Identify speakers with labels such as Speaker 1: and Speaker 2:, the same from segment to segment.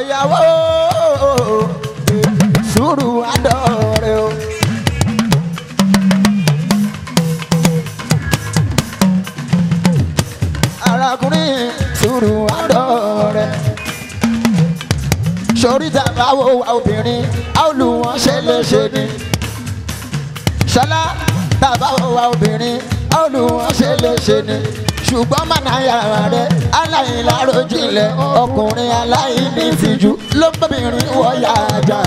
Speaker 1: ìyàwó sùúrù adọ̀rẹ́ o. arákùnrin sùúrù adọ̀rẹ́ sórí tàbá wo wa obìnrin a ó lù wọ́n ṣe léṣe ni ṣọlá tàbá wo wa obìnrin a ó lù wọ́n ṣe ni ṣùgbọ́n màná yàrá rẹ̀ aláìlárojinlẹ̀ ọkùnrin aláìnítìjú ló ń bẹ̀bìrin wọ yàjà.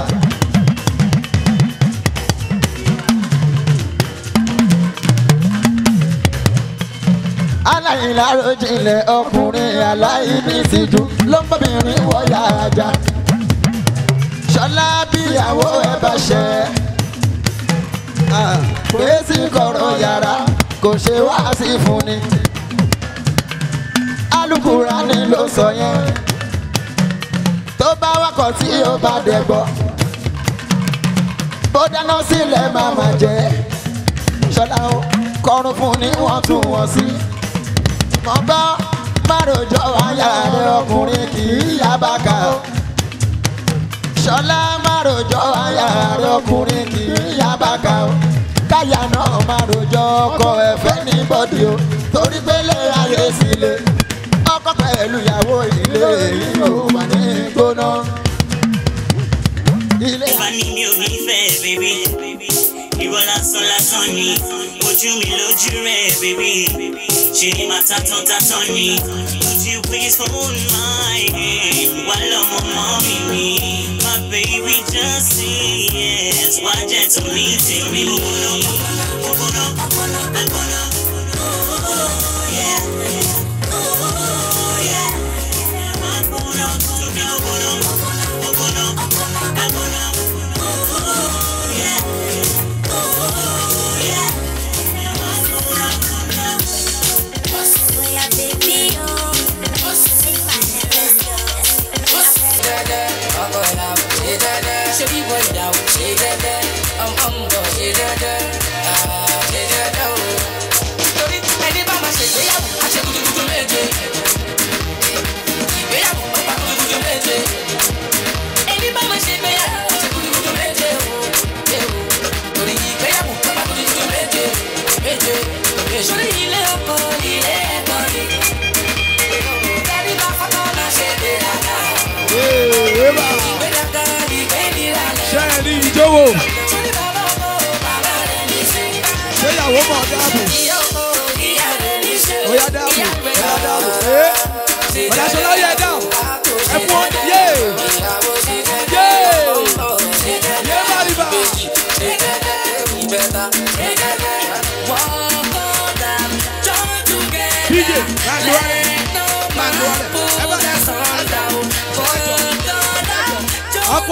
Speaker 1: aláìlárojinlẹ̀ ọkùnrin aláìnítìjú ló ń bẹ̀bìrin wọ yàjà. ṣọlá bíyàwó ẹ bá ṣẹ pé ah, sí kọ̀rọ̀ yàrá kò ṣe wá sí fún ni. Kùránì ló sọ yẹn tó bá wakọ̀ tí ó bá dẹ̀ gbọ́ bó dáná sílẹ̀ máa máa jẹ́ ṣọlá o kọrin fún ni wọ́n tún wọ́n sí mọ̀ bá márùjọ aya rẹ ọkùnrin kì í yá bàkà o ṣọlá márùjọ aya rẹ ọkùnrin kì í yá bàkà o káyà náà márùjọ ọkọ ẹ̀fẹ́ ní bọ́dì o torí pé lè ayé sílẹ̀ ọkọ pẹ̀lú ìyàwó ilé yìí ó wà ní gbóná.
Speaker 2: ìfà ni mi ò ní
Speaker 1: fẹ́ bèbí ìwọ lásán lásán ni ojú mi lójú rẹ̀
Speaker 3: bèbí ṣe ni màá tatán tatán ni would you please hold my hand wà lọ́mọ mọ́mí mi my baby just say
Speaker 2: yes wá jẹ́ tó ní tèmi.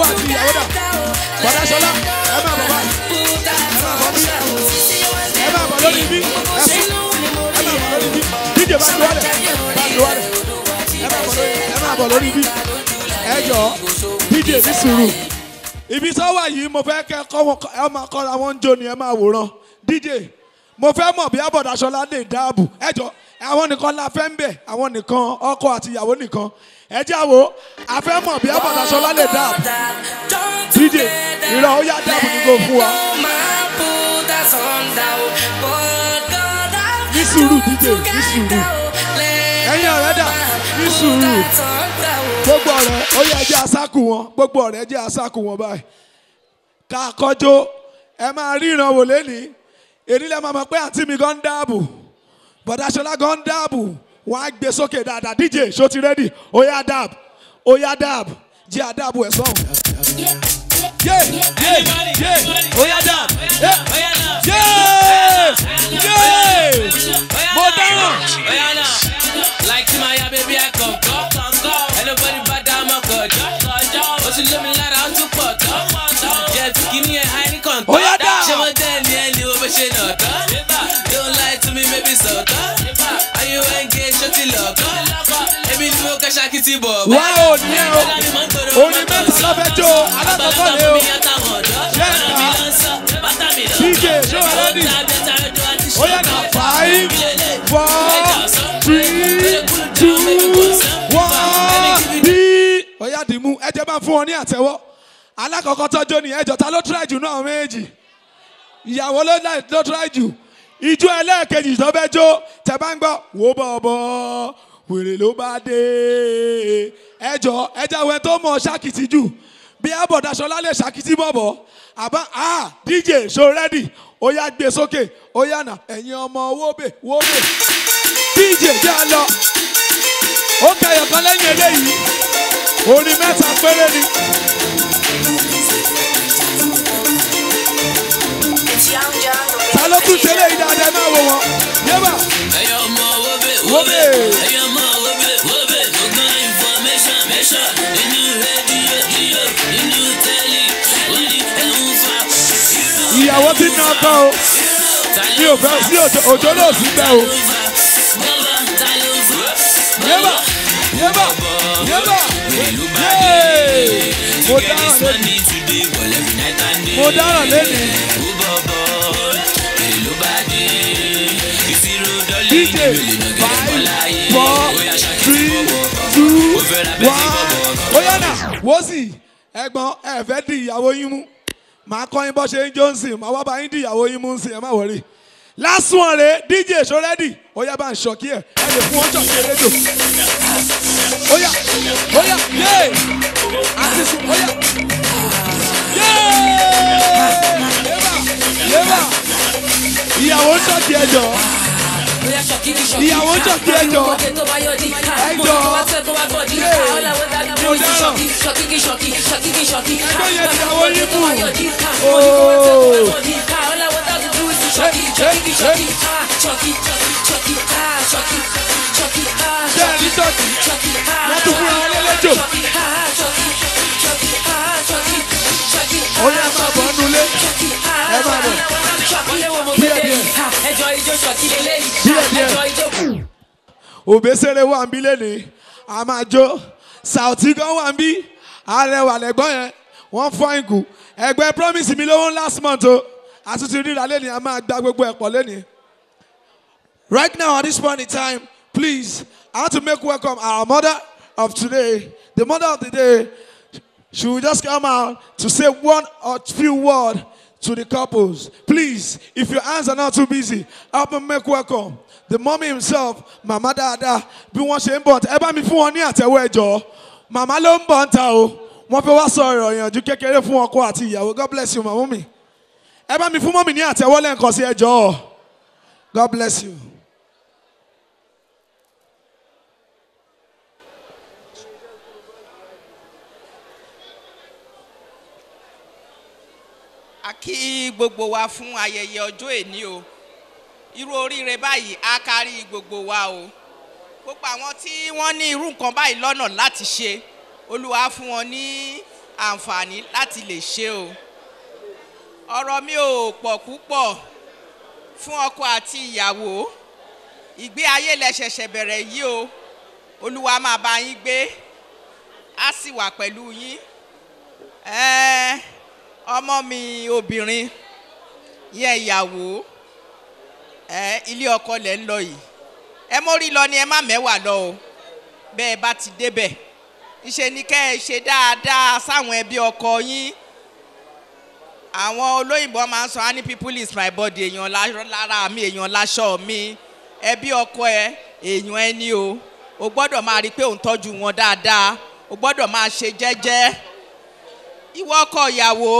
Speaker 4: ọkọ àti ìyàwó dà bọ̀dá sọlá ẹ máa bọ̀ báyìí ẹ máa bọ̀ lórí bí ẹ fún ẹ máa bọ̀ lórí bí dídè bá lu wálẹ̀ bá lu wálẹ̀ ẹ máa bọ̀ lórí bí ẹ jọ dídè ní sùúrù ibi tó wà yìí mo fẹ́ kẹ́ ẹ máa kọ́ra wọn jó ni ẹ máa wòran dídè mo fẹ́ mọ̀ bí abọ̀dá sọlá lè dáàbò ẹ jọ àwọn nìkan la fẹ́ ń bẹ̀ àwọn nìkan ọkọ àti ìyàwó nìkan ẹ jẹ́ àwo a fẹ́ mọ̀ bí abàdàsọ́lá lè dáàbò DJ ìrọ̀ ó yá dáàbò gbogbo fún wa. ní sùúrù DJ ní sùúrù
Speaker 2: ẹ̀yin ọ̀rẹ́ dà ní
Speaker 4: sùúrù gbogbo ọ̀rẹ́ ó yẹ jẹ́ àṣàkù wọn gbogbo ọ̀rẹ́ jẹ́ àṣàkù wọn báyìí ká kọjọ ẹ máa ríran wò lẹ́nìí èyí lẹ́ máa mọ̀ pé àǹtí mi gan dáàbò bọ̀dáṣọlá gan ń dáàbò wọ́n á gbé sókè dáadáa dj ṣó ti rẹ́dì oya dab oya dab jẹ́ àdàbò ẹ̀ sọ́hùn. yé yé yé oya dab yé yé yé
Speaker 5: mo dáhùn. like tí màá ya bébí ẹ kọ̀ọ̀kan ẹnu bọ́dí bá dá ọmọ kọ̀ọ̀jọ́ ó sì lómi lára ó tún pọ̀ tán jẹ́ kí ni ẹ̀ high ní kọ̀ǹtọ́
Speaker 6: lọ́tọ́ ayé wa ń gé ṣó ti lọ́kọ́ èmi ni mo kẹ́sà kí ti bọ̀ bá. wá ò ní ẹ o
Speaker 4: òní mẹ́rin sábẹ́ jó alákọ̀ọ́kọ́ rẹ o ṣẹ́ta dj ṣọ́wọ́lẹ́dì
Speaker 5: ó yẹ ká five
Speaker 4: four three two one bí. ó yá dìímú ẹ jẹ́ bá fún ọ ní àtẹ́wọ́ alákọ̀ọ́kọ́ tọ́jú ni ẹjọ́ ta ló tíráì jù náà méjì ìyàwó ló tíráì jù ìjó ẹlẹ́ẹ̀kejì tó fẹ́ jó tẹ bá ń gbọ́ wò bọ̀bọ̀ wèrè ló bá dé ẹjọ ẹjáwé tó mọ ṣàkìtì jù bí abọ̀dàṣọlá lè ṣàkìtì bọ̀bọ̀ àbá a dj so ready ó yá gbé sókè ó yá nà ẹ̀yin ọmọ wóbè wóbè dj jẹ́ ẹ lọ ó kẹyọ̀ kan lẹ́yìn eléyìí orin mẹ́ta péré ni. náà kọ́ o mi ò fẹ́ sí òjò náà sí bẹ́ẹ̀ o.
Speaker 2: yébà yébà yébà
Speaker 4: yéé mo dáràn lẹ́nu mo dáràn lẹ́nu.
Speaker 2: DJ five four three two one.
Speaker 4: Oyana, yànnà wọ́n sì ẹ̀gbọ́n ẹ̀fẹ́ di ìyàwó yín mú màá kọ́ yín bọ́ ṣe ń jónsìn màá wá bá yín dìyàwó yín mú sìn ẹ má wọrí last one rèé dj sorẹ́dì ó yá bá ń ṣọ̀kí ẹ̀ ẹ lè fún wọn ṣọ̀kí rédíò ó yá ó yá yéé àti sùn ó yá yéé yéé bá ìyàwó ṣọ̀kí ẹ̀ jọ̀ọ́.
Speaker 5: ìyàwó ṣọ̀kì ẹ̀jọ̀ ẹ̀jọ̀ mo dáná ẹgbẹ́ yẹn ti àwọn onímù ooo. bẹ́ẹ̀ ní ṣọ́ọ̀kì wọ́n tún fún
Speaker 2: wa lẹ́lẹ́jọ́. ó yà
Speaker 4: òbésèrè ah, ah, wà ń bí lẹ́nìí a máa jó sàùtì gan wà ń bí arẹwà lẹ́gbọ́n yẹn wọ́n fọ́ ìkù ẹgbẹ́ promise mi lówó last month o àtúntì ríra lẹ́nìí a máa gba gbogbo ẹ̀pọ̀ lẹ́nìí. Right now at this point in time please I want to make welcome our mother of today the mother of the day she will just come out to say one or few words to the couples. Please, if your hands are not too busy, help me make welcome. The mommy himself, Mama Dada, be watching. But ń bọ̀ ẹ bá mi fún wọn Màmá ló ń bọ̀ ń ta o. Wọ́n fẹ́ wá sọ ọ̀rọ̀ fún God bless you, Mama. mi. Ẹ bá mi fún mọ́mì ní àtẹ̀wọ́ lẹ́ǹkan sí God bless you.
Speaker 6: a kí gbogbo wa fún ayẹyẹ ọjọ́ èní o irú oríire báyìí á kárí gbogbo wa o gbogbo àwọn tí wọ́n ní irú nǹkan báyìí lọ́nà láti ṣe olúwa fún wọn ní àǹfààní láti lè ṣe o ọ̀rọ̀ mi ò pọ̀ púpọ̀ fún ọkọ àti ìyàwó ìgbé ayé lẹ bẹ̀rẹ̀ yìí o olúwa máa bá yín gbé á sì wà pẹ̀lú yín Eh, ọmọ mi obìnrin yẹ ìyàwó ẹ ilé ọkọ lẹ ń lọ yìí ẹ mórí lọ ni ẹ má mẹ́wàá lọ o bẹ́ẹ̀ bá ti débẹ̀ ìṣe ni kẹ́ ẹ ṣe dáadáa sáwọn ẹbí ọkọ yín àwọn olóyìnbó máa ń sọ any people is my body èèyàn lára mi èèyàn láṣọ mi ẹbí ọkọ ẹ èèyàn ẹni o o gbọ́dọ̀ máa rí i pé òun tọ́jú wọn dáadáa o gbọ́dọ̀ máa ṣe jẹ́jẹ́ ìwọ ọkọ ìyàwó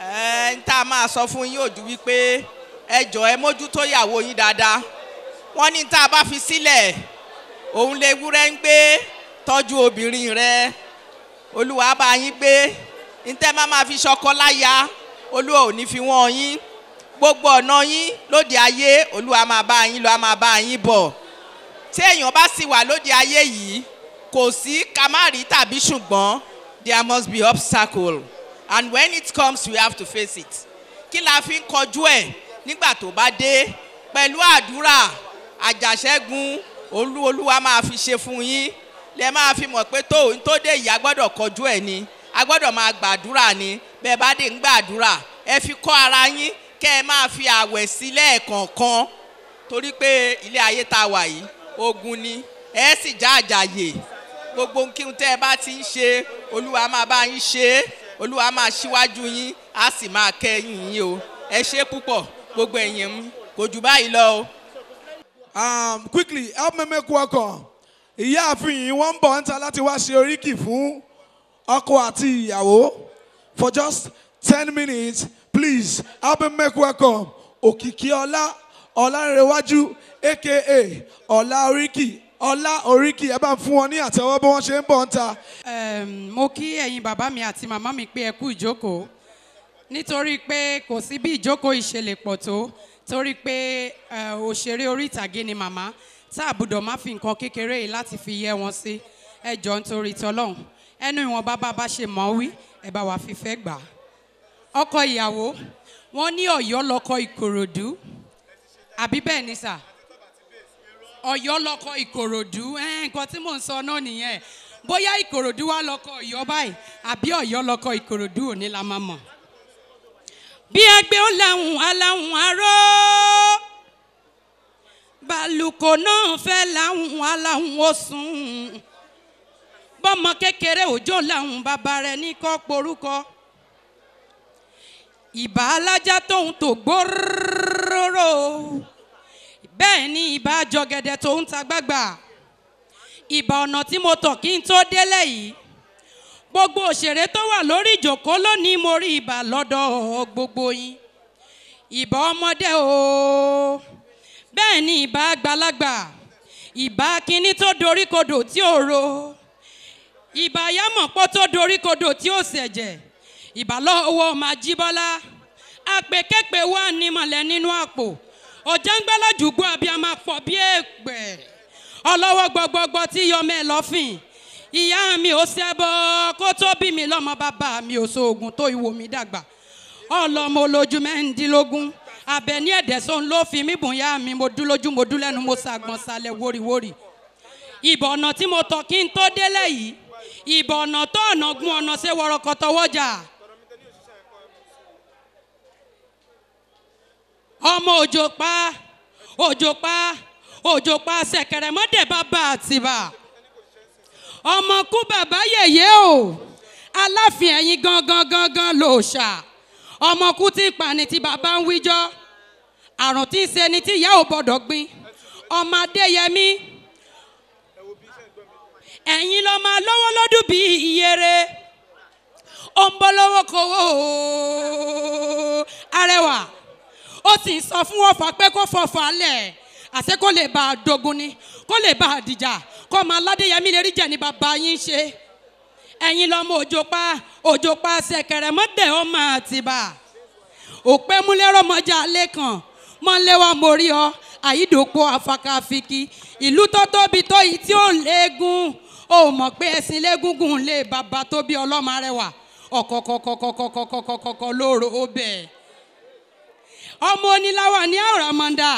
Speaker 6: ẹ ń tá a máa sọ fún yín òjú wípé ẹ jọ ẹ mójútó ìyàwó yín dáadáa wọ́n ní tá a bá fi sílẹ̀ òun lewúrẹ́ ń gbé tọ́jú obìnrin rẹ olúwa bá yín gbé ntẹ́ má máa fi ṣọkọ láya olúwa ò ní fi wọ́n yín gbogbo ọ̀nà yín lóde ayé olúwa máa bá yín lọ máa bá yín bọ̀ tí èèyàn bá sì wà lóde ayé yìí kò sí kamari tàbí ṣùgbọ́n there must be obstacle and when it comes we have to face it kí la fi ń kọjú ẹ̀ nígbà tó bá dé pẹ̀lú àdúrà àjàṣẹ́gun olú olúwa máa fi ṣe fún yín lẹ máa fi mọ̀ pé tó ń tó dé yìí a gbọ́dọ̀ kọjú ẹ̀ ni a gbọ́dọ̀ máa gbàdúrà ni bẹ́ẹ̀ bá dé ń gbàdúrà ẹ fi kọ́ ara yín kẹ́ ẹ máa fi àwẹ̀ sí lẹ́ẹ̀kọ̀ọ̀kan torí pé ilé ayé tá a wà yìí ogun ni ẹ sì já àjàyè gbogbo nkírun tẹ́ ẹ bá ti ń ṣe olúwa máa bá yín ṣe é olúwa máa ṣíwájú yín á sì máa kẹ́yìn yín o ẹ ṣe púpọ̀ gbogbo ẹ̀yin mi kò jù báyìí lọ o.
Speaker 4: Um, quickly help me make welcome ìyá àfihàn wọn ń bọ̀ ń ta láti wá ṣe oríkì fún ọkọ àti ìyàwó for just ten minutes please help me make welcome òkìkí ọlá ọlárẹwájú aka ọlá oríkì ọlá oríkì ẹ bá fún wọn ní àtẹ́wọ́ bí wọ́n ṣe ń bọ̀ ń ta.
Speaker 7: mo kí ẹ̀yin bàbá mi àti màmá mi pé ẹ kú ìjókòó nítorí pé kò sí bí ìjókòó ìṣẹ̀lẹ̀ pọ̀ tó torí pé òṣèré orí ìtàgé ni màmá tá àbùdọ̀ má fi nǹkan kékeré yìí láti fi yẹ wọn sí ẹ jọ ń torí tọlọ́hún ẹnu ìwọ̀n bàbá bá ṣe mọ̀ wí ẹ bá wà fífẹ́ gbà á. ọkọ ìyàwó wọn ní Ọ̀yọ́ lọkọ Ìkòròdú àbí bẹ́ẹ̀ ni sà. Ọ̀yọ́ lọkọ Ìkòròdú nǹkan tí mò ń sọ náà nìyẹn bóyá Ìkòròdú wá lọkọ Ọ̀yọ́ báyìí àbí Ọ̀yọ́ lọkọ Ìkòròdú òní la máa mọ̀. bí ẹgbẹ́ ó lẹ́hùn aláhùn aró balùkò náà fẹ́ láhùn aláhùn ó sùn bọ́mọ kékeré òjò láhùn bàbá rẹ̀ ní kọ́ porúkọ ìbá alájà tóun tó gbóróró bẹ́ẹ̀ ni ìbá jọ̀gẹ̀dẹ̀ tó ń ta gbàgbà ìbá ọ̀nà tí mo tọ̀ kí n tó délẹ̀ yìí gbogbo òṣèré tó wà lórí ìjòkó lónìí mo rí ìbà lọ́dọ̀ gbogbo yín ìbá ọmọdé o bẹ́ẹ̀ ni ìbá àgbàlagbà ìbá kínní tó doríkodò tí ò ro ìbá yámọ̀pọ̀ tó doríkodò tí ò ṣẹ̀jẹ̀ ìbá lọ́wọ́ máa jí bọ́lá àpèkẹ́pẹ́ wà nímọ̀lẹ́ nínú àpò ọ̀jẹ̀ngbẹ́lẹ̀ jùgbọ́ abiyamọ pọ̀ bí ègbẹ́ ọlọ́wọ́ gbọgbọgbọ tí yọmọ lọ́fìn ìyá mi ò ṣẹbọ kó tó bí mi lọ́mọ bàbá mi ò ṣoògùn tó ìwò mi dàgbà ọlọ́mọ olójú mẹ́rìndínlógún abẹ ní ẹ̀dẹ̀sán ló fi mí bùn yá mi mo dú lójú mo dú lẹ́nu mo ṣàgbọ̀n ṣalẹ̀ wóríwórí ìbọn ọ̀nà tí mo tọ̀ kí n tó délẹ̀ yìí ìbọn ọ̀nà tó ọ̀nà gún ọ̀nà ṣe wọ́rọ́kọ tọwọ́jà ọmọ òjò pa òjò pa òjò pa ṣẹ̀kẹ̀rẹ̀ mọ́dẹ̀ bàbá àtìbà ọmọ kú bàbá yèyé o aláfin ẹ̀yin gangan gangan lòòṣà ọmọ kú tí ń pani tí bàbá ń wíjọ́ àrùn tí ń ṣe ni tí ìyá ò gbọ́dọ̀ gbin ọmọ adéyẹmí ẹ̀yin lọ máa lọ́wọ́ lọ́dún bí iyere ó ń bọ́ lọ́wọ́ kọ́wọ́ arẹwà ó sì ń sọ fún ọ̀fà pé kó fọ̀fà lẹ̀ àṣẹ kó lè bá a dogun ni kó lè bá a dìjà kó ọmọ aládéyẹmí lè rí jẹ ní bàbá yín ṣe ẹ̀yin lọ́mọ òjòpá òjòpá ṣẹ̀kẹ̀rẹ̀ mọ́dẹ̀ ọmọ àtìbà òpé múlẹ́rọ̀ mọ́jà lẹ́kàn mọ́lẹ́wà mórí ọ àyídòpọ̀ àfàkàfìkì ìlú tó tóbi tó yìí tí ó léegun ó mọ̀ pé ẹ̀sìn légúngún lé bàbá tó bí rẹwà ọ̀kọ̀kọ̀kọ̀kọ̀kọ̀kọ̀kọ̀kọ̀ lóòrò ó ọmọ oníláwà ní àràmọ̀ǹdà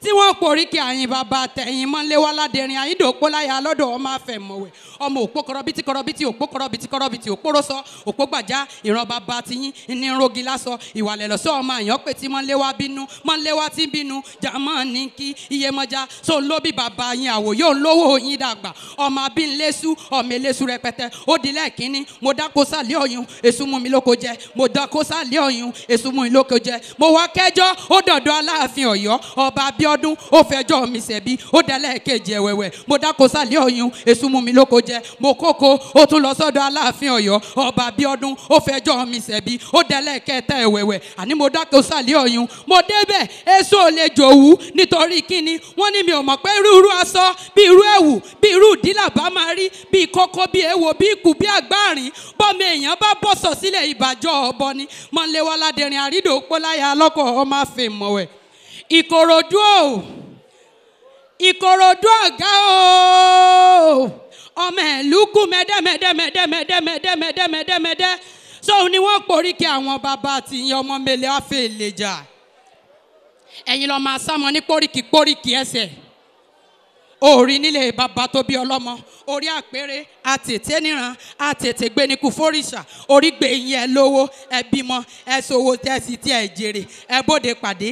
Speaker 7: tí wọ́n poríkì àyìn bàbá tẹ̀yìn mọ́lẹ́ wá ládẹrin àyíndòpó láyà lọ́dọ̀ ọmọ afẹ̀mọ̀wẹ̀ ọmọ òpó kọrọbìtì kọrọbìtì òpó kọrọbìtì kọrọbìtì òpórosọ òpó gbàjá ìran bàbá tiyín ní rogi lásọ ìwàlẹ̀ lọ́sọ ọmọ àyàn pé tí mọ́lẹ́ wá bínú mọ́lẹ́ wá ti bínú jàmọ́ ní kí iye mọ́já tó ń lóbi bàbá yín àwò yóò lówó yín dàgbà ọmọ abínlẹ́sù ọmọ ẹlẹ́sù rẹpẹtẹ ó di lẹ́ẹ̀kínní mo dáko sálẹ̀ ọ̀yun èso mú mi lóko jẹ mo dáko sálẹ̀ ọ̀yun èso mú mi lóko jẹ mo wá kẹjọ ó dọ̀dọ̀ aláàfin ọ̀yọ́ ọba bí Abíọ́dún ó fẹjọ́ mi sẹ̀bi ó dẹ́lẹ̀ kejì ẹ̀wẹ̀wẹ̀ mo dáko sálẹ̀ ọ̀yun èso mú mi lóko jẹ mo kókó ó tún lọ sọ́dọ̀ aláàfin ọ̀yọ́ ọba Abíọ́dún ó fẹjọ́ mi sẹ̀bi ó dẹ́lẹ̀ kẹta ẹ̀wẹ̀wẹ̀ àní mo dáko sálẹ̀ ọ̀yun mo débẹ̀ èso ò lè jòwú nítorí kíni wọ́n ní mi ò mọ̀ pé irú aṣọ bí irú ẹ̀wù bí irú ìdílàbá máa rí bí kókó bí èèwọ̀ bí ikù bí àgbáàrín bọ́mi èèyàn bá bọ́sọ̀ sílẹ̀ ìbàjọ́ ọ̀bọ ni mọ̀lẹ́wọ́ládẹrin àrídòpó láyà lọ́kọ̀ ọmọ àfẹ́mọ̀wẹ̀ ìkòròdú o ìkòròdú ọ̀gá o ọmọ ìlú kú mẹ́dẹ́mẹ́dẹ́mẹ́dẹ́mẹ́dẹ́mẹ́dẹ́mẹ́dẹ́ sóun ni wọ́n poríkì àwọn bàbá àti ìyẹn ọmọ mẹ́lẹ́ àfẹ́lẹ́jà ẹ̀yin lọ́ọ́ máa sámọ ní póríkì póríkì ẹsẹ̀ orí nílé bàbá tó bí ọlọ́mọ orí àpérè àtètè níran àtètè gbénikù fóríṣà orí gbẹ̀yìn ẹ lówó ẹ bímọ ẹ ṣòwò tẹ́sí tí ẹ jèrè ẹ bóde pàdé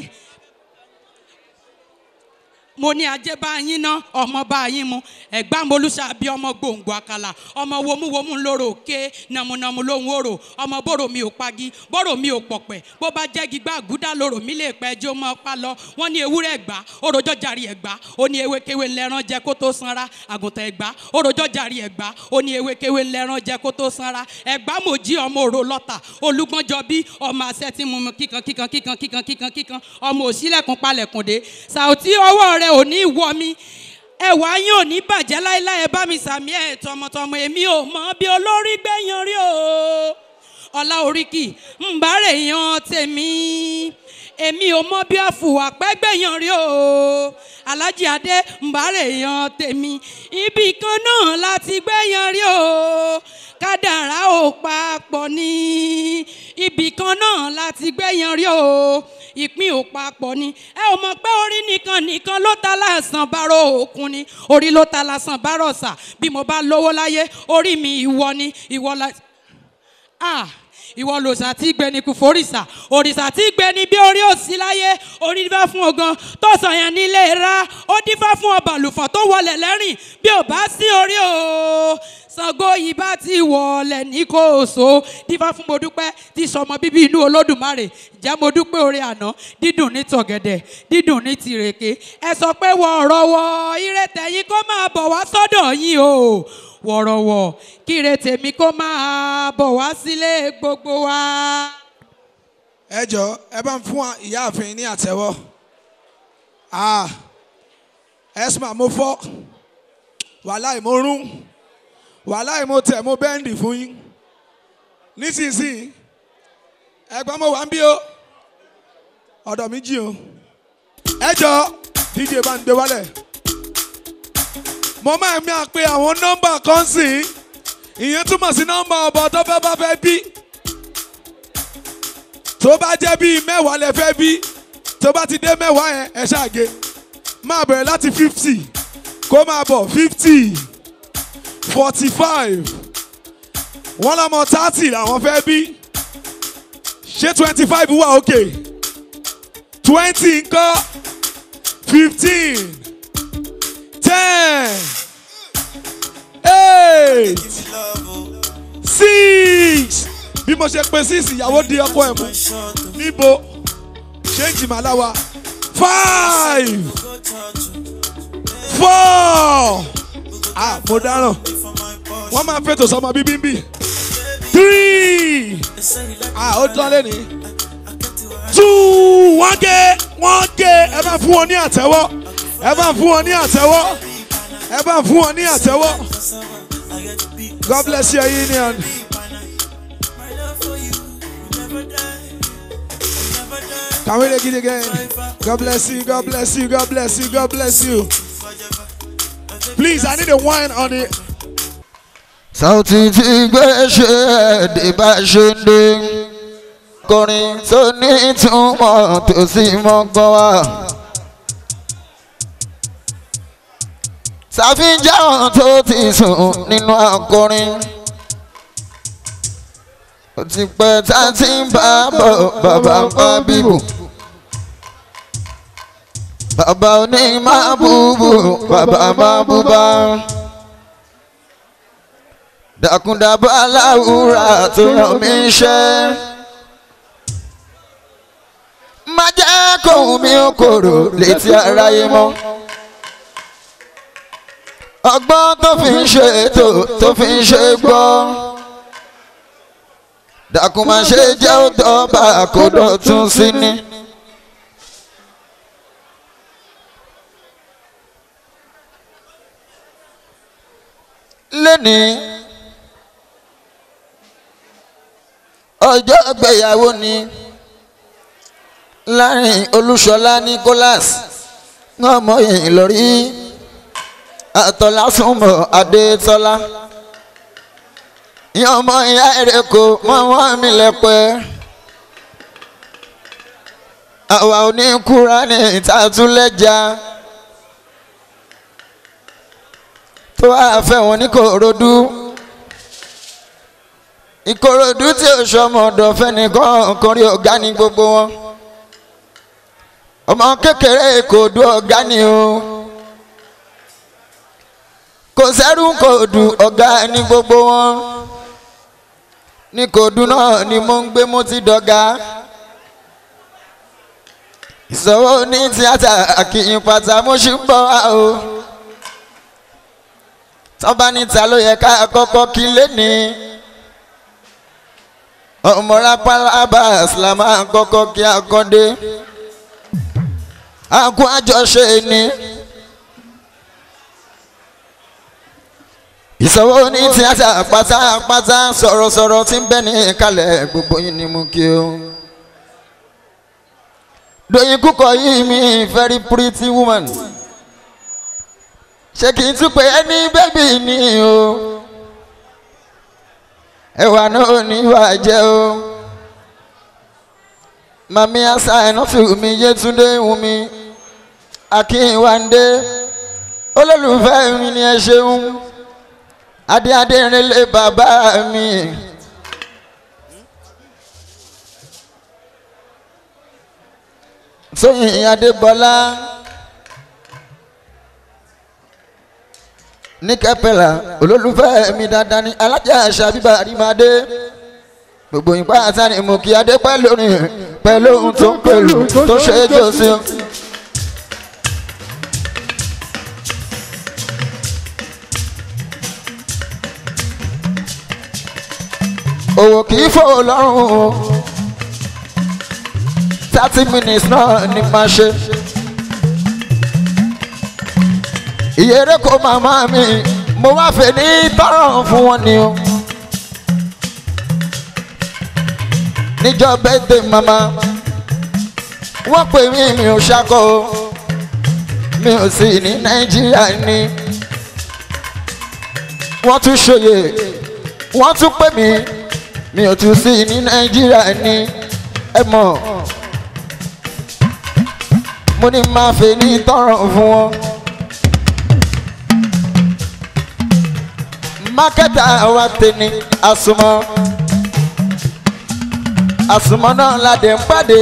Speaker 7: mo ní ajé bá yín ná ọmọ bá yín mu ẹ̀gbá molúṣà bí ọmọ gbòǹgbò àkàlà ọmọ womuwomu lóró ké nàmúnàmú lóhun òrò ọmọ bóró mi ò pagi bóró mi ò pọ̀pẹ̀ bó bá jẹ́ gígbá àgúdá lóró mi lè pẹ́ jó mọ́ pa lọ wọ́n ní ewúrẹ́ ẹ̀gbá òròjọ́ jàrí ẹ̀gbá ó ní ewékewé lẹ́ran jẹ kó tó sanra àgùntàn ẹ̀gbá òròjọ́ jàrí ẹ̀gbá ó ní ewékewé lẹ́ran jẹ kó tó sanra ẹ̀gbá mò jí ọmọ òrò lọ́tà olúgbọ́njọ bí ọmọ àṣẹ tí mo mú kíkan kíkan kíkan kíkan kíkan kíkan ọmọ òṣìlẹ̀kùn palẹ̀kùn dé sàùtí ọwọ́ rẹ rẹ ò ní wọ mi ẹwà yín ò ní bàjẹ́ láéláé bá mi sàmì ẹ̀ tọmọtọmọ èmi ò mọ bí olórí gbẹ̀yàn rí o ọ̀la oríkì ń bá rèèyàn tèmi èmi ò mọ bí àfùwà pẹ́gbẹ̀yàn rí o alájí adé mbàrè yan tèmi ibì kan náà láti gbẹ̀yàn rí o kádàrá ò papọ̀ ní ibì kan náà láti gbẹ̀yàn rí o ìpín ò papọ̀ ni ẹ ò mọ̀ pé orí nìkan nìkan ló ta lásán bárò òkun ni orí ló ta lásán bárò sà bí mo bá lówó láyé orí mi ìwọ ni ìwọ la. Ah ìwọ lòṣà tí gbẹni kù fòrìṣà òrìṣà tí gbẹni bí orí òsì láyé orí dífá fún ọgàn tọ̀sán yẹn nílé ra ó dífá fún ọbàlùfọ̀ tó wọlẹ̀ lẹ́rìn bí ò bá sí orí o Ṣàngó yìí bá ti wọ̀ọ̀lẹ̀ ní kòòso dífá fún mo dúpẹ́ ti sọmọ bíbí inú olódùmarè ǹjẹ́ mo dúpẹ́ oore àná dídùn ní tọ̀gẹ̀dẹ̀ dídùn ní tìrèké ẹ sọ pé wọ̀ọ̀rọ̀wọ̀ ìrètẹ̀ yìí kó máa bọ̀ wá sọ́dọ̀ yín o wọ̀ọ̀rọ̀wọ̀ kíre tèmi kó máa bọ̀ wá sílé gbogbo wa.
Speaker 4: ẹ jọ ẹ bá ń fún ìyáàfin ní àtẹ́wọ́ ah, ẹ sùn àmọ́ fọ́ wàhálà ìmọ̀rún wàhálà yìí mo tẹ̀ mo bẹ́ǹdì fún yín nísinsìnyí ẹ̀gbọ́n mo wà ń bí o ọ̀dọ̀ mi jì o ẹ dj bá ń gbé wálẹ̀ mo máa mi àpè àwọn nọ́mbà kan sí ìyẹn túmọ̀ sí nọ́mbà ọba tó fẹ́ bá fẹ́ bí tó bá jẹ́ bíi mẹ́wàá lẹ fẹ́ bí tó bá ti dé mẹ́wàá yẹn ẹ ṣáàgé máa bẹ̀rẹ̀ láti fifty kó máa bọ̀ fifty forty five wọ́n lọ́mọ thirty làwọn fẹ́ bí ṣé twenty five wà òkè twenty ńkọ́ fifteen ten eight six bí mo ṣe pe six ìyàwó di ọkọ ẹ̀ mú níbo ṣéǹjì màláwa five four ah mo One wọ́n máa fètò sọmọ bíbí ń bì three ah ó tán lẹ́ni two One gé One gé ẹ bá fún wọn ní àtẹ́wọ́ ẹ bá fún wọn ní àtẹ́wọ́ ẹ bá fún wọn ní God bless your union. Can we take it again? God bless you, God bless you, God bless you, God bless you. Please, I need a wine on it.
Speaker 1: Sauti ti gbé ṣe dìbà ṣe dé. Kọrin tó ní ìtumọ̀ tó sì mọ́gbọ́n wá. Ṣàfihàn àwọn tó ti sùn nínú akọrin. Ó ti pẹ́ tá a ti ń bá bọ̀ bàbá pa bíbù bàbá oní mabubu búbú bàbá máa búbá dàkúndàbọ̀ aláwùrà tó ràn mí ṣẹ́ má jẹ́ kóhùn mi ó kòrò létí aráyé mọ́ ọgbọ́n tó fi ń ṣe ètò tó fi ń lénìí ọjọ́ ìgbéyàwó ni láàrin olúṣọlá nicholas ọmọ ìlọrí àtọ̀lásùnmọ̀ adétọ́lá ìyọmọ ìyá ìrẹ́kọ̀ mọ́wọ́ mi lẹ́pẹ́ àwa oníkúra ní ìtàtúlẹ́jà. tó wá fẹ́ wọn ní korodu ìkorodu tí oṣù ọmọ ọ̀dọ̀ fẹ́nìkan ọkùnrin ọ̀gá ni gbogbo wọn ọmọ kékeré kò du ọ̀gá ni o kò sẹ́rù kò du ọ̀gá ni gbogbo wọn ní kò du náà ni mo ń gbé mo ti dọ̀gá ìṣòwò ní tíátà kì í mo ṣì ń bọ̀ wá o tọ́ba ní ta ló yẹ ká kọ́kọ́ kí lẹ́ni ọmọlá pálábà islam àkọ́kọ́ kí akọ́dé akú àjọṣe ni ìsọwọ́ ní tíátà pátápátá sọ̀rọ̀sọ̀rọ̀ tí ń bẹ ní kalẹ̀ gbogbo yìí ni mú kí o. Doyin kúkọ yìí mi very pretty woman. woman ṣé kì í tún pé ẹni bẹ́bí ni o ẹwà náà ò ní wà jẹ́ o mami asa ẹnọfi wumi Yétúndé wumi Akínwándé olólùfẹ́ mi ni ẹ ṣeun adéadé rinlé bàbá mi. Tóyìn Adébọlá. So, ní kẹfẹ́lá olólùfẹ́ mi dandan ni alájà ṣàbíbà àrímàdé gbogbo ìpá àtàní mú kí adé pẹ̀lú rìn pẹ̀lú ohun tó ń pẹ̀lú tó ṣe é jọ́sìn. òwò kì í fò lọ́rùn thirty minutes náà ni máa ṣe. ìyẹ́rẹ́ kò màmá mi mo wá fẹ́ ní tọ́rọ̀ fún wọn ni o. níjọ́ bẹ́ẹ̀dẹ̀ màmá wọ́n pè mí mi ò ṣakọ mi ò sì ní nàìjíríà ni wọ́n tún ṣòye wọ́n tún pè mí mi ò tún sí ní nàìjíríà ni ẹ mọ̀ mo ní máa fẹ́ ní tọ́rọ̀ fún wọn. mákẹ́tà wa tẹni àsùnmọ́ àsùnmọ́ náà la dẹ̀ ń pàdé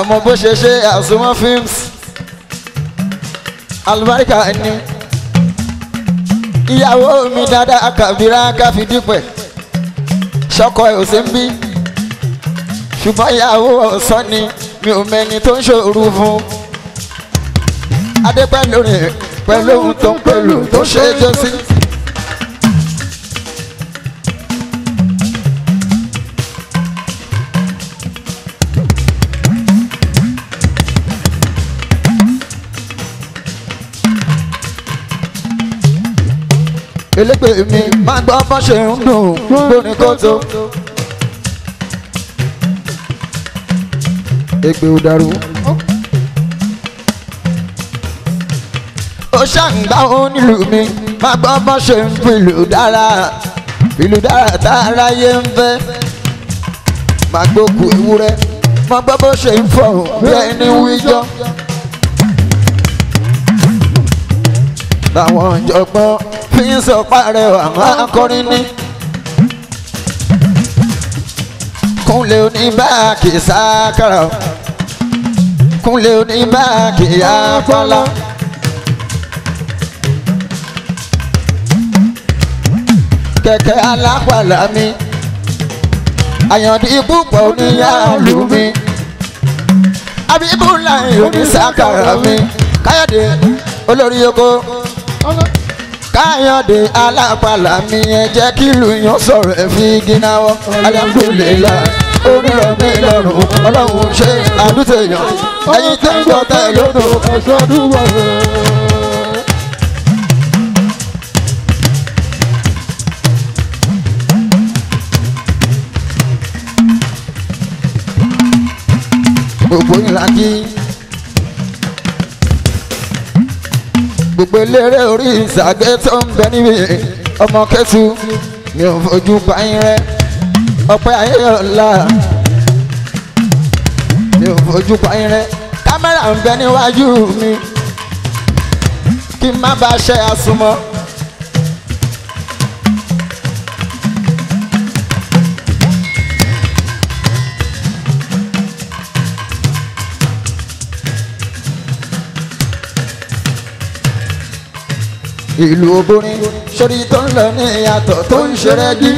Speaker 1: àmọ́ bó ṣe ṣe àsùnmọ́ films alùbáríkà ni ìyàwó mi dáadáa kàbírà káfídípẹ̀ ṣọkọ ẹ̀ ò sí ń bí ṣùgbọ́n ìyàwó ọ̀sán ni mi ò mẹ́ni tó ń ṣòro fún adé pẹ̀lú rẹ̀ pẹ̀lú ohun tó ń pẹ̀lú tó ṣe é jọ sí. elépè mi máa gbọ́ bọ́ ṣe ń dùn lórí kótó. ègbè ò dàrú. ó ṣàǹgbá ó nílùú mi máa gbọ́ bọ́ ṣe ń fi ìlú dára ìlú dára tá a ráyé ń fẹ́ máa gbókù ewúrẹ́ máa gbọ́ bọ́ ṣe ń fọ̀hún bí ẹni wíjọ́. làwọn ọ̀jọ̀gbọ́n fi ń sọ parẹ́ àwọn akọrin ní. Kúnlé oníbàákì sákàrà Kúnlé oníbàákì àpọ́lọ́. Kẹ̀kẹ́ alápàlà mi àyàndí púpọ̀ oníyàlú mi abibulayi onísàkàrà mi káyọ̀dé olórí oko káyọ̀dé alápàlà mi ẹ jẹ́ kí lùyàn sọ̀rọ̀ ẹ fi gínáwọ́ alágbòlélà orí ọ̀gbẹ́ ìlọrùn ọlọ́run ṣe àdúntẹ̀yàn ẹ̀yin tẹ́ ń gbọ́ tẹ̀ lódò ẹ̀ṣọ́ dúró rẹ̀. gbogbo kí. gbogbo eléré orí ìsàgé tó ń bẹ níbi ọmọ kẹtù mi ò fojú pààyàn rẹ ọpẹ ayé ọlá mi ò fojú pààyàn rẹ kámẹ́rà ń bẹ níwájú mi kí n má bàa ṣe àsùnmọ́. ìlú obìnrin sórí tó ń lọ ní ìyàtọ̀ tó ń ṣeré jí.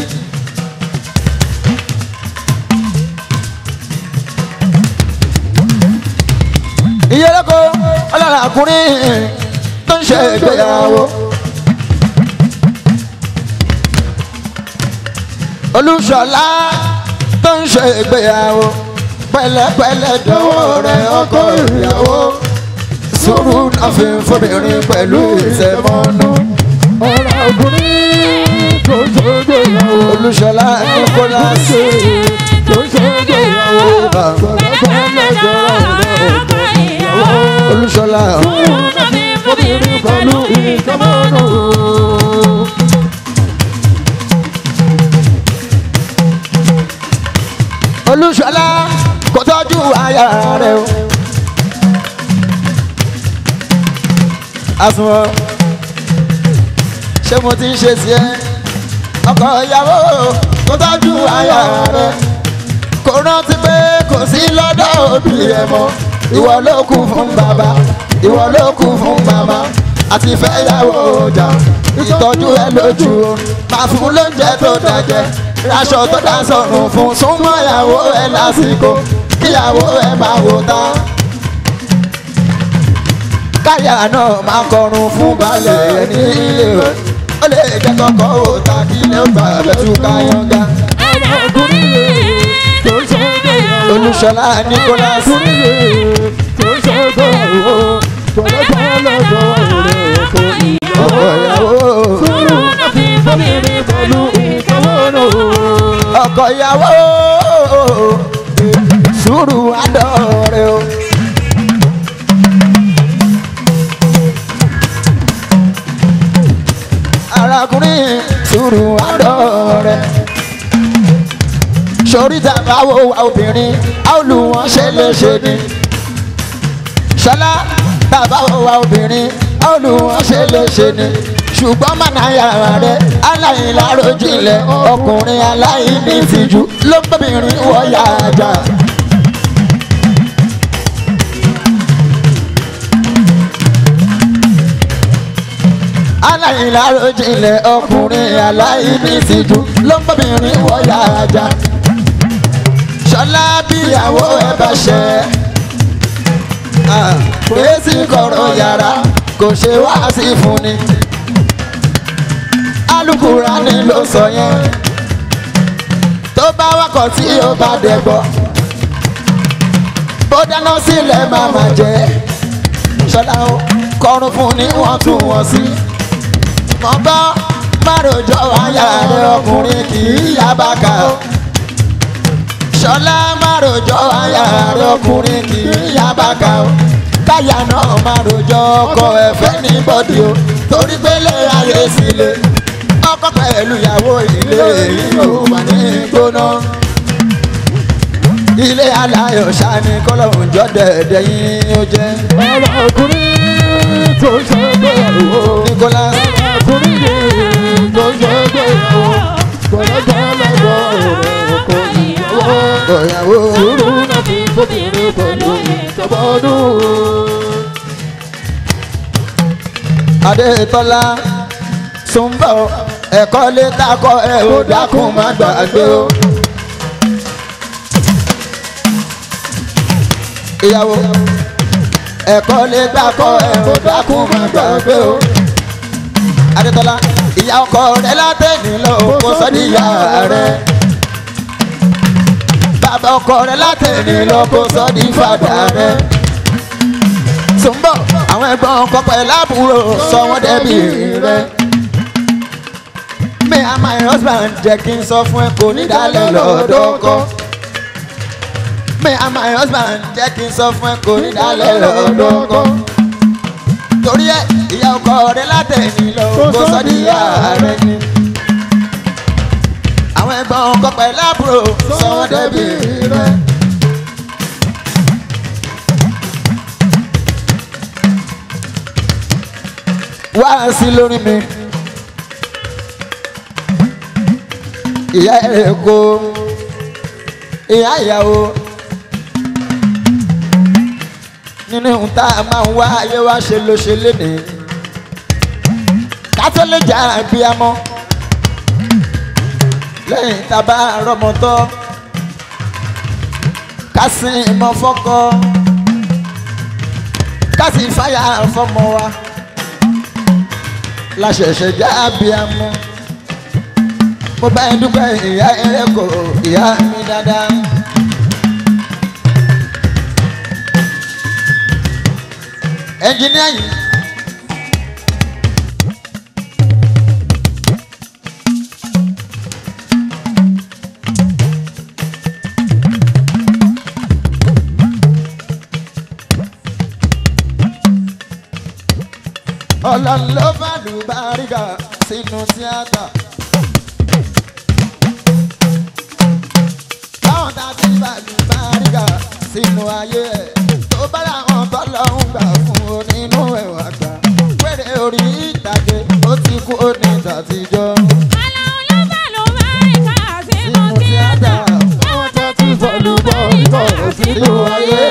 Speaker 1: ìyẹ́lẹ́kọ̀ ọlọ́lá ọkùnrin tó ń ṣe ìgbéyàwó. olùṣọ́lá tó ń ṣe ìgbéyàwó pẹ̀lẹ́pẹ̀lẹ́ dánwò rẹ̀ ọkọ ìyàwó sùúrù náà fi fóbìnrin pẹ̀lú ìtẹ́mọ́nú.
Speaker 2: ọ̀rọ̀ ọkùnrin
Speaker 1: tó ṣojú ìyàwó. olùṣọlá ẹni kó láti tó ṣojú ìyàwó. bàbá bàbá lọ́jọ́ ọ̀rọ̀ ìyàwó. olùṣọlá sùúrù
Speaker 2: náà fi fóbìnrin pẹ̀lú ìtẹ́mọ́nú. olùṣọlá
Speaker 1: kò tọ́jú aya rẹ̀ o. àsùnwọ̀n ṣé mo ti ń ṣe tiẹ̀ ọkọ ìyàwó kó tọ́jú aya rẹ̀ kó rántí pé kò sí lọ́dọ̀ òbí ẹ̀ mọ́ ìwọ ló kù fún bàbá ìwọ ló kù fún màmá àti fẹ́yàwó ọjà ìtọ́jú ẹ lójú o máa fún lóúnjẹ tó dájẹ́ aṣọ tó dá sọ̀rùn fún súnmọ́ ìyàwó ẹ lásìkò kíyàwó ẹ máa wò tán káyà náà máa kọrun fún balẹ̀ ẹni ilé o ó lè jẹ́ kọ́kọ́ o ta kí lè gbà bẹ́tù káyọ̀gá. olùṣọlá nicholas. ọkọ ìyàwó sùúrù adọ̀rẹ́ o. ọkùnrin sùúrù àdọ́ rẹ̀. sórí tàbá wo wa obìnrin àlù wọn ṣe lè ṣe ni. ṣọlá tàbá wo wa obìnrin àlù wọn ṣe lè ṣe ni. ṣùgbọ́n màná yàrá rẹ̀ aláìlárojìnlẹ̀ ọkùnrin aláìní ìtìjú ló ń bẹ̀bìnrin wọ yàrá. aláìláròjinlẹ̀ ọkùnrin aláìníṣìjú ló ń bọ́bìnrin wọ́yà ajá ṣọlá bíyàwó ẹ bá ṣẹ pèsè ah, kọ̀rọ̀ yàrá kò ṣe wá sí fún ni alukurani ló sọ yẹn tó bá wakọ̀ tí ó bá dẹ̀ gbọ́ bó dáná sílẹ̀ máa máa jẹ́ ṣọlá kọrun fún ni wọ́n tún wọ́n sí. Si mọ́ bá márojọ́ wáyà rẹ ọkùnrin kì í yá bàkà. ṣọlá márojọ́ wáyà rẹ ọkùnrin kì í yá bàkà o. táyà náà márojọ́ ọkọ ẹ̀fẹ́ ní bọ́dì o torí pé lè ayé sílẹ̀ ọkọ pẹ̀lú ìyàwó ilé ìlú wà ní gbóná ilé aláyọ̀ sani kọ́lọ́hún jọ dẹ̀dẹ̀ yín ó jẹ́.
Speaker 2: ọ̀rọ̀
Speaker 1: tó ṣe é gbéyàwó. Nicholas
Speaker 2: ìyàwó sùúrù náà fi bóbìnrin pẹ̀lú ìtọ́bọ́dún.
Speaker 1: Adétọ́lá Súnbọ̀ ẹ̀kọ́ lé takọ ẹ̀ ó dákun má gbàgbé o. Ìyàwó ẹ̀kọ́ lé takọ ẹ̀ ó dákun má gbàgbé o. Adétọ́lá ìyá ọkọ rẹ látẹ̀yìn lọ kó sọ níyà rẹ bàbá ọkọ rẹ látẹ̀yìn lọ kó sọ ní fàdà rẹ túnbọ̀ àwọn ẹ̀gbọ́n ọkọ pẹ̀lú àbúrò sọ wọ́n dẹ́bi rẹ me and my husband jẹ́ kí n sọ fún ẹ kò ní dálẹ̀ lọ́dọ́kọ́ me and my husband jẹ́ kí n sọ fún ẹ kò ní dálẹ̀ lọ́dọ́kọ́ torí ẹ ìyá ọkọ rẹ látẹ̀yìn lọ kó sọ di ìyá rẹ ni. àwọn ẹ̀gbọ́n ọkọ pẹ̀lú àbúrò sọ wọ́n débi rẹ. wá sí lórí mi. ìyá ẹ̀rẹ̀ kó ìyá ìyàwó. nínú ohun tá a máa ń wá ayé wa ṣe ló ṣe lénìí ká tó lè jà àbíyamọ lẹ́yìn tá a bá rọmọ tọ́ ká sin ìmọ̀ fọ́kọ ká sì fáyà fọmọ wa la ṣẹ̀ṣẹ̀ já àbíyamọ mo bá ẹ dúpẹ́ ìyá ẹlẹ́kọ̀ọ́ ìyá mi dáadáa. ẹnjìníà yìí. ọlọ́lọ́ bá lù bá rí gà sínú tíátà. táwọn tá a ti bá lù bá rí gà sínú ayé ẹ̀ nínú ẹ̀wà gbà wẹ́rẹ́ orí ìtàgé ó ti kú ó ní tàtijọ́.
Speaker 2: Nínú ayé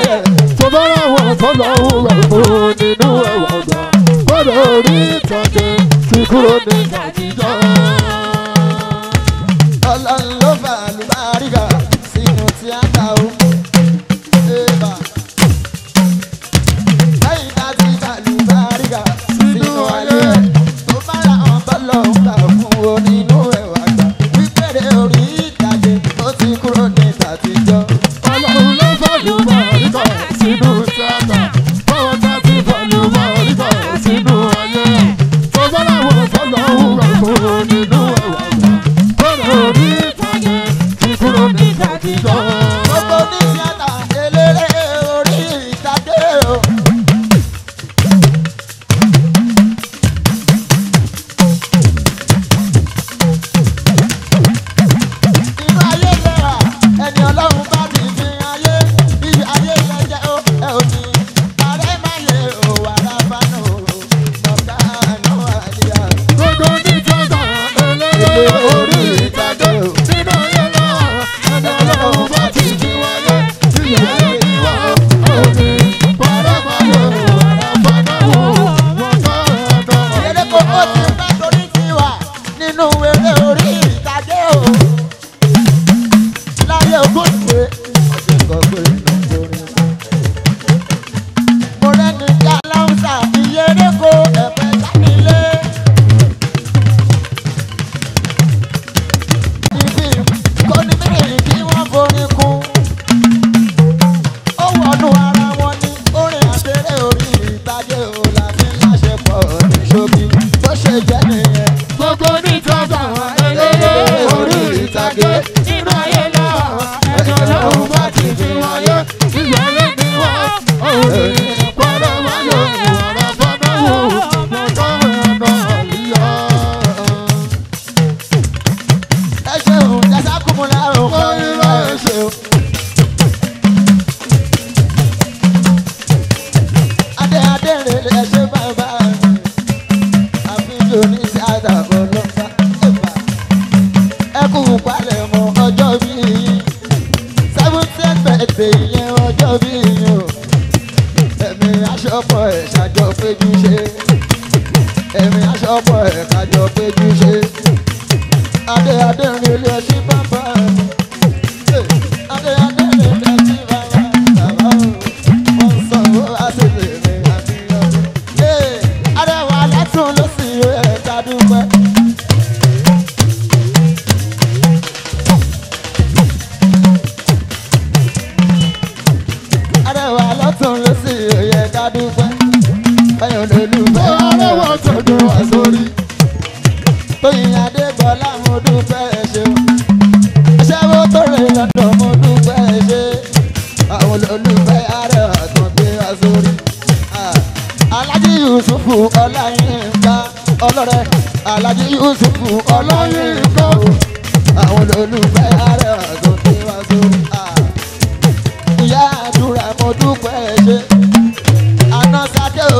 Speaker 2: tó bá ráwọ̀ tó lọ́wọ́ rẹ̀ fún nínú ẹ̀wà gbà wẹ́rẹ́ orí ìtàgé ti kú ní tàtijọ́.
Speaker 1: Ọlọ́run ló bá àlùbáríkà sínú tíátà ó.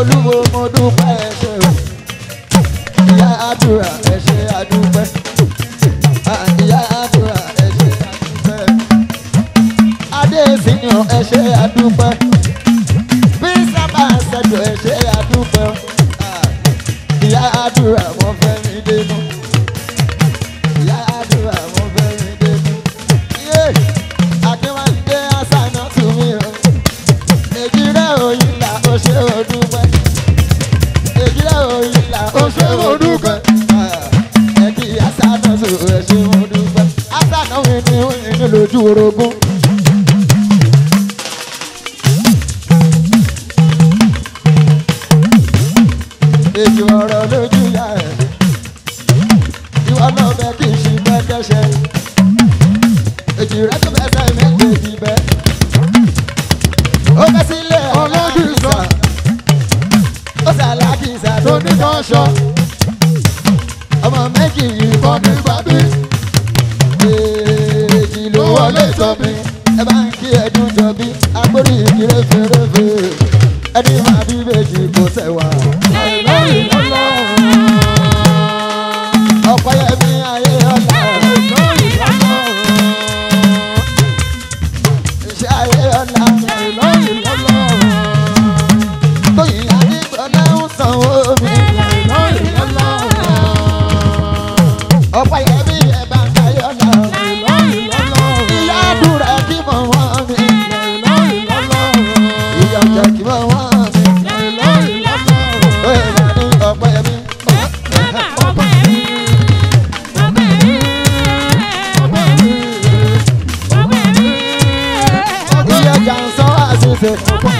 Speaker 1: olúwo mo dúpẹ́ ẹ ṣé o ìyá àdúrà ẹ ṣé àdúpẹ́ ìyá àdúrà ẹ ṣé àdúpẹ́ adé ìfihàn ẹ ṣé àdúpẹ́. said,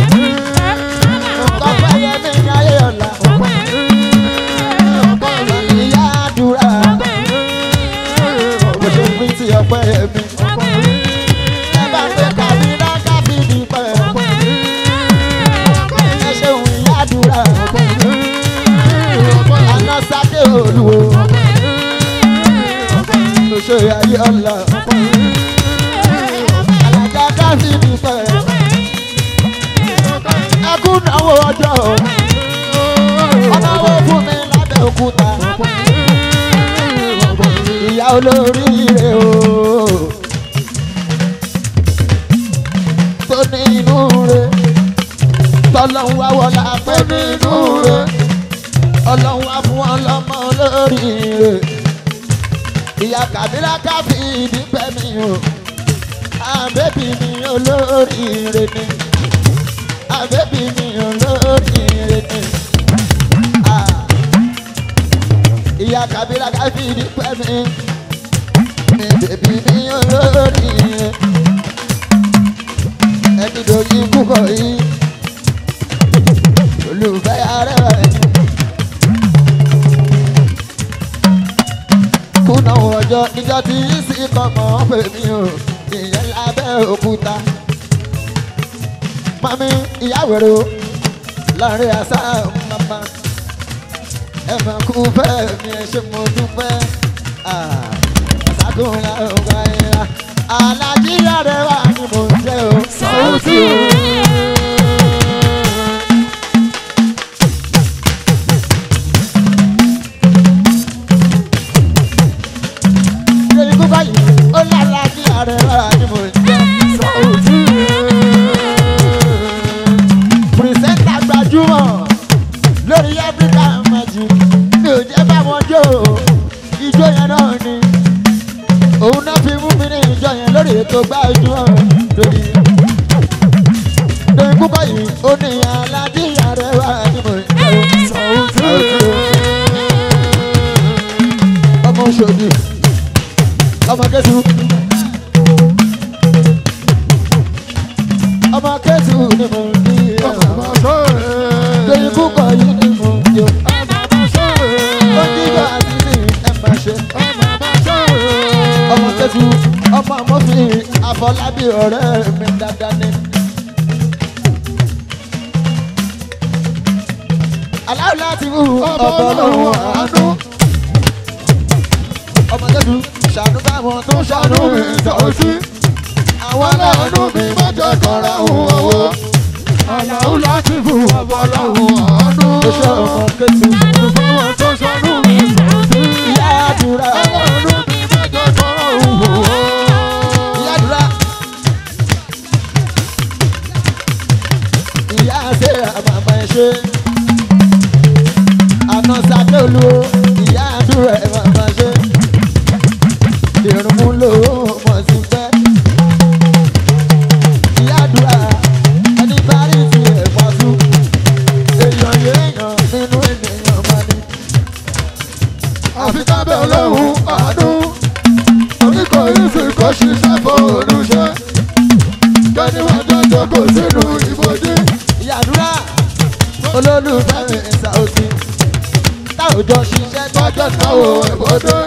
Speaker 1: má tẹ̀sán o ìbòdó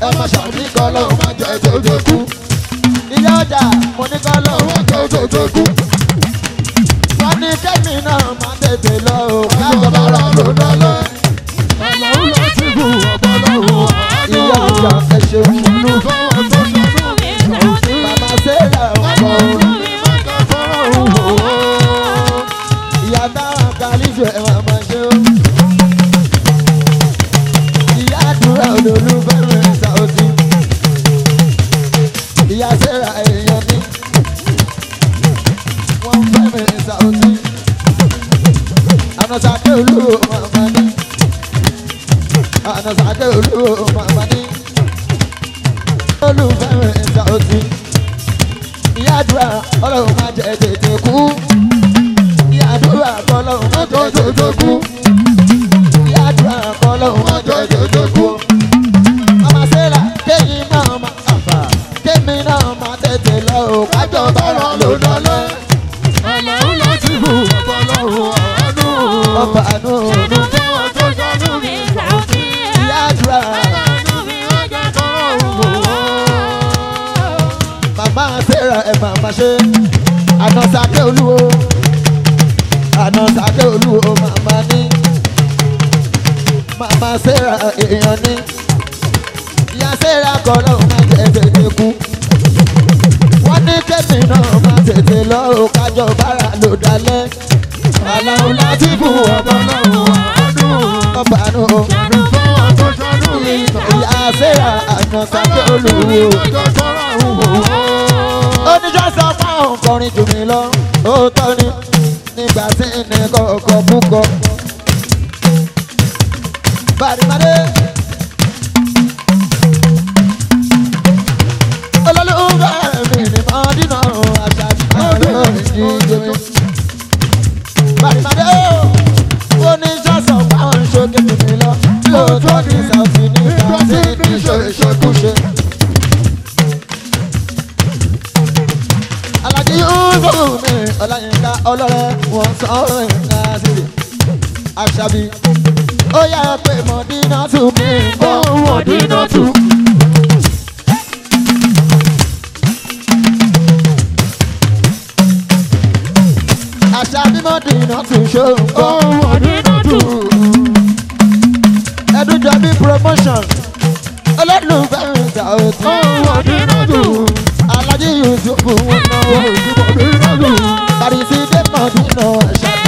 Speaker 1: ẹ má ṣàmì kọ́ lọ́wọ́ má jẹ́ jòjò kú. ilé ọjà mo ní kọ́ lọ́wọ́ má jẹ́ jòjò kú. wọ́n ní kẹ́mi náà má tètè lọ òun lágbàbára
Speaker 2: lóná lọ́wọ́.
Speaker 1: ọkọ̀ púpọ̀. Bàdìmọ́dé. Olólùfẹ́ mi ni mo dínà àṣà ìmọ̀lẹ́ ìdíje mi. Bàdìmọ́dé ó ní sọ́sọ̀ fáwọn ìṣókè mi lọ. Tí o tó ní sàfin ní ìtàsí ní ìṣòṣòkúṣe. Alájí ó gbóhùn mi, Ọláyínká ọlọ́rẹ́ wọ́n sọ ọ́ rẹ̀. Nasiri Àṣàbí ó yà á pé mọ̀dínà tù mí ó mọ̀dínà tù. Àṣàbí mọ̀dínà tù ṣó ó mọ̀dínà tù. Ẹdújọbí promotion olólùfẹ́ ìgbà òtún ó mọ̀dínà tù. Alájí Yusufu wọn náà ó mọ̀dínà tù. Bàrìsí dé mọ̀dínà Àṣàbí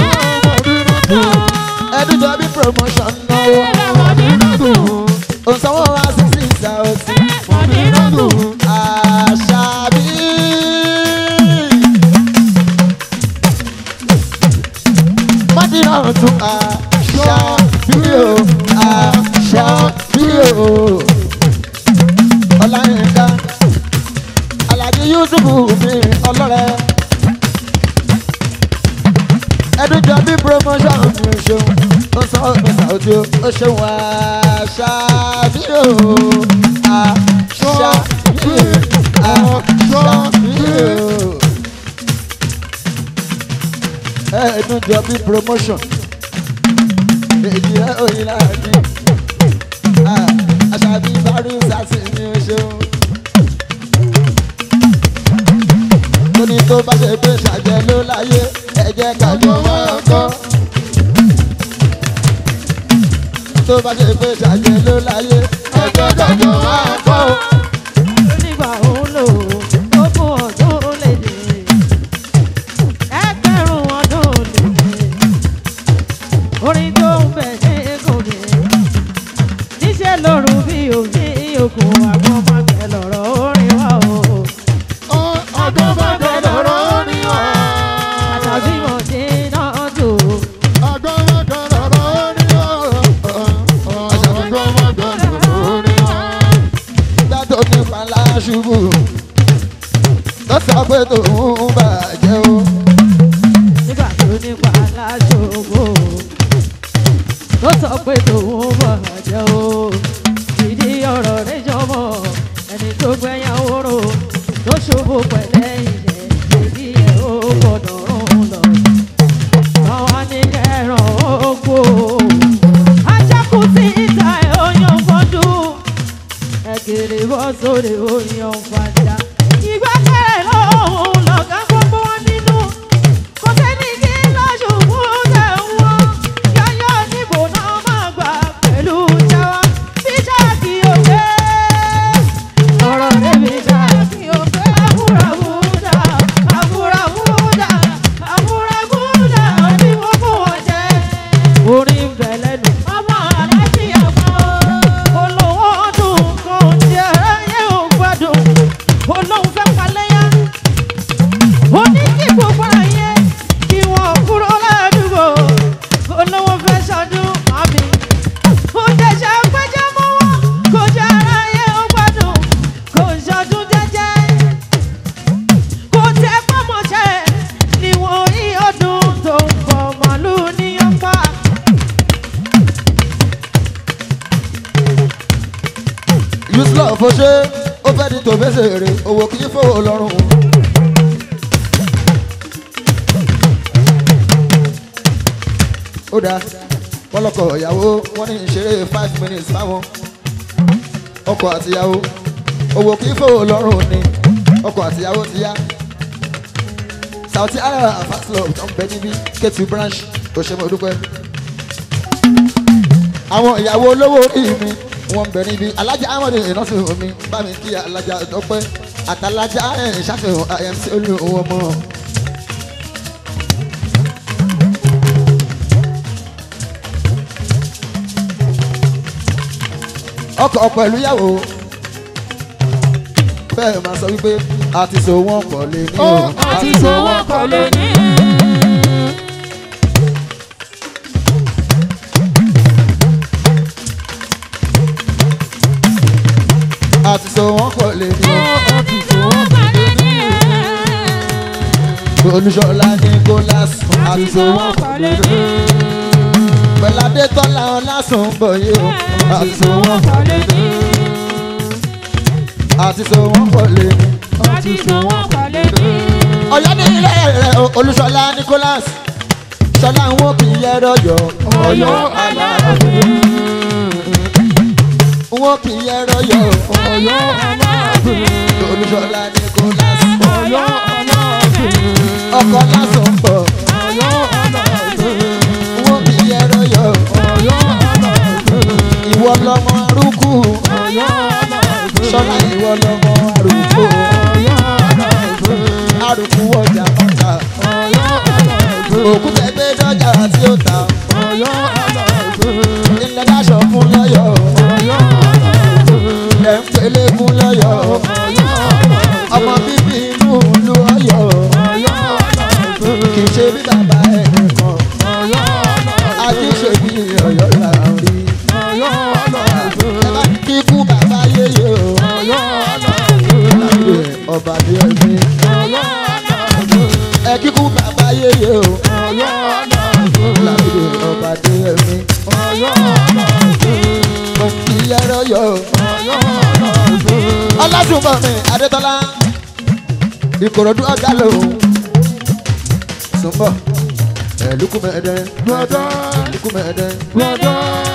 Speaker 1: ẹdún tàbí promotion náà. Destiny Promotion. Èyí ẹ òyìn láàrin. Àṣàbí Bárú Sásì ni ó ṣeun. Tóní tó bá ṣe pé ṣàjẹ́ ló láyé, ẹ jẹ́ ká jọ wọ́n kọ́. Tó bá ṣe pé ṣàjẹ́ ló láyé, ẹ jẹ́ ká jọ wọ́n kọ́. àfojé ó fẹ́ di tòbẹ́sẹ̀ rè owó kì í fowó lọ́rùn. ó dáa pọlọkọ ìyàwó wọn ní ìṣeré five minutes fáwọn ọkọ àtìyàwó owó kì í fowó lọ́rùn ni ọkọ àtìyàwó ti yá Saoty Arẹwà fast love tó ń bẹ níbí branch, 2 branch òṣèlú ọdún pẹ́. àwọn ìyàwó olówó orí mi wọ́n ń bẹ níbí alájà amadu ìnáṣẹ́ omi bá mi kí alájà ọpẹ́ àtàlájà ẹ̀rìn eh, ṣàfihàn eh, sí olú owó ọmọ. ọkọ̀ pẹ̀lú yàwó bẹ́ẹ̀ máa sọ wípé àti sòwọ́n pọ̀ lé ní o àti oh, sòwọ́n pọ̀ lé ní so wọ́n kò lè ní wọ́n ti so wọ́n kò lè ní. Olúṣọlá Nicholas àti so wọ́n kò lè ní. Bẹ̀ládé Tọ́lá Ọlásùn Bọ̀yé o àti so wọ́n ni, lè ní. Àti so wọ́n ni, lè ní. Àti so wọ́n kò lè ní. Ọ̀yọ́ ní ilé rẹ̀ Olúṣọlá Nicholas. Ṣọlá ń wò kí ẹrọ yọ. Ọ̀yọ́ àlàáfíà wọ́n kì í ẹ̀rọ yọ. Ọ̀yọ́ Aláàfin. Olúṣọlá ni kò lásán. Ọ̀yọ́ Aláàfin. Ọkọ lásán pọ̀. Ọ̀yọ́ Aláàfin. Wọ́n kì í ẹ̀rọ yọ. Ọ̀yọ́ Aláàfin. Ìwọ lọmọ arúgbó. Ọ̀yọ́ Aláàfin. Ṣọlá ìwọ lọmọ arúgbó. Ọ̀yọ́ Aláàfin. Arúgbó ọjà ọjà. Ọ̀yọ́ Aláàfin. Òkúta ẹgbẹ́ dọ́jà tí ó ta. Ọ̀yọ́ Aláàfin. Ilẹ̀ dáṣọ fún lọ́yọ̀. Ọ̀yọ́ Aláàfin ilẹ̀ ń pelégún lọ́yọ̀ ọmọ bíbí inú ìlú Ọ̀yọ́ kì í ṣe bí bàbá ẹ̀ nìkan àti ṣe bí Ọ̀yọ́ là ń rí kíkú bàbá yéye o ọba ní ọdún ẹ kíkú bàbá yéye o làbí ọba ní ọdún. Yẹ́rọ yọ̀ ọládùnmọ̀mí adétọ́lá ìkòròdú ọ̀gá lòun sùnbọ̀ ẹ̀ lùkùmẹ̀ẹ́dẹ́ lùkùmẹ̀ẹ́dẹ́ lùkùmẹ̀ẹ́dẹ́.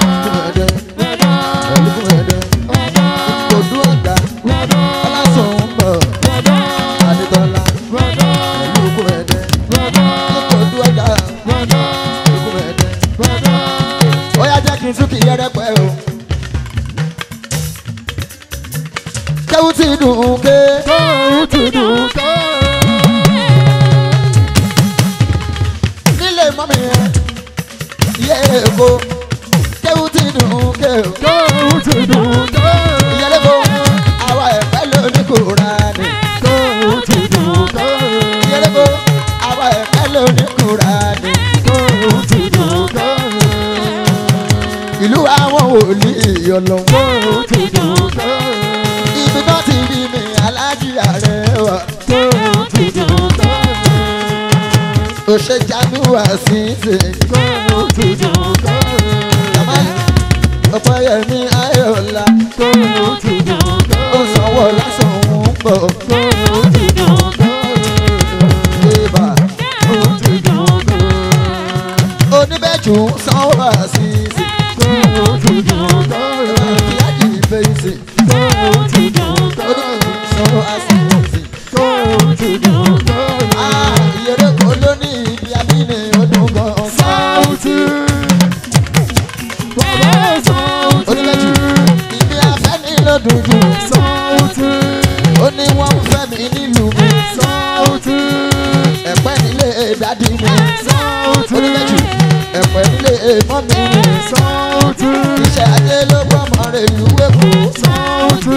Speaker 1: ọpẹ́yẹmí ayọ̀lá tó lù tùdù ó sanwó lásán òun pọ̀ tó lù tùdù ìbà lù tùdù oníbẹ̀jù sanwó àṣìṣe
Speaker 2: tó lù tùdù ìyájì fèsì tó lù tùdù sanwó àṣìṣe tó lù tùdù.
Speaker 1: dádì mi sọ́ọ̀tù oníbẹ̀jù ẹ̀pẹ̀ nílé èèmọ́ mi sọ́ọ̀tù iṣẹ́ ajé ló gbọ́ ọmọ rẹ̀ ìlú èkó sọ́ọ̀tù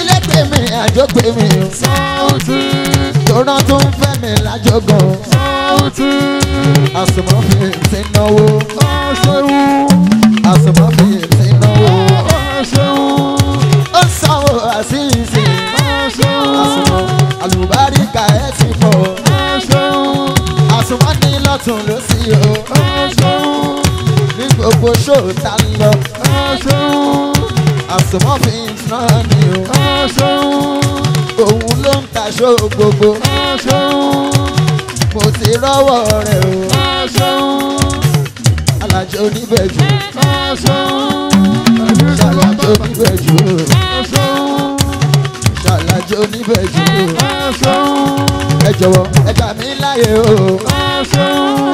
Speaker 1: ilé pè mí àjọ pè mí sọ́ọ̀tù tòrọ́ tó ń fẹ́ mi lájọgàn sọ́ọ̀tù àsùnmọ́fì ti náwó ọ̀ṣẹ́wó àsùnmọ́fì ọ̀tún ló sì o ọ̀ṣun ní gbogbo ṣòta lọ ọ̀ṣun àsomọ́fin náà ni o ọ̀ṣun òun ló ń taṣọ gbogbo ọ̀ṣun mo ti rọ́wọ́ rẹ̀ o ọ̀ṣun alájọ oníbẹ̀jù ọ̀ṣun ṣàlàjọ oníbẹ̀jù ọ̀ṣun ṣàlàjọ oníbẹ̀jù ọ̀ṣun ẹ jọ̀wọ́ ẹ gbà mí láyè o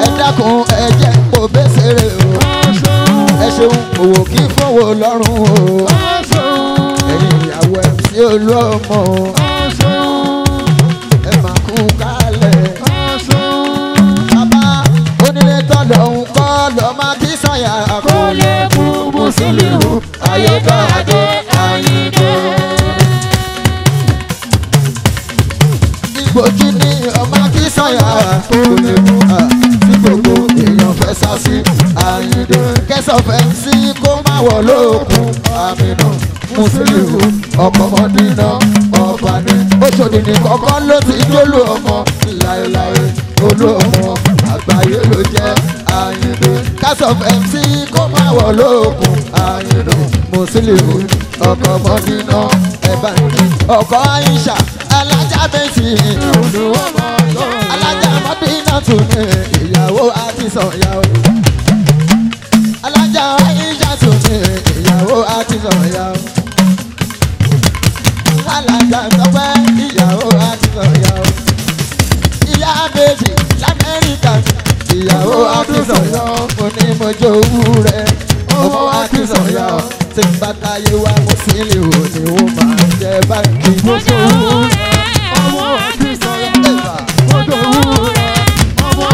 Speaker 1: ẹ dákun ẹ jẹ́ kó bẹ́sẹ̀rẹ̀ o ẹ ṣeun òwò kí fowó lọ́rùn o ẹ̀yin ìyàwó ẹ̀ sí olóòmọ̀ o ẹ má kú kálẹ̀ bàbá onílé tọ́lọ̀ ń kọ́ lọ́ má kí sàyà kó lè kú mùsùlùmù ayọ̀dọ̀ adé àyíndé àwa kó lè mú à tí gbogbo èèyàn fẹ́ sá sí àyìndé kẹsànfẹ́ sí kó má wọ̀ lóòkùn àmínú mùsùlùmí ọkọ ọdínà ọba ní oṣòdì ní kọ̀ọ̀kan ló ti jólù ọmọ láéláé olú ọmọ alájà mọ́bínà tún ní ìyàwó àtisọ̀ ìyàwó. alájà àyíṣà tún ní ìyàwó àtisọ̀ ìyàwó. alájà tọ́pẹ́ ìyàwó àtisọ̀ ìyàwó. ìyá bèjì lamẹ́ríkà ìyàwó àtisọ̀ ìyàwó. onímọ̀jọ owó rẹ̀
Speaker 2: ọmọ àtisọ̀
Speaker 1: ìyàwó. tí bàtà yé wa mo sì lè wò ni ó máa
Speaker 2: jẹ báńkì. mo sọ wọ́n sílẹ̀ o.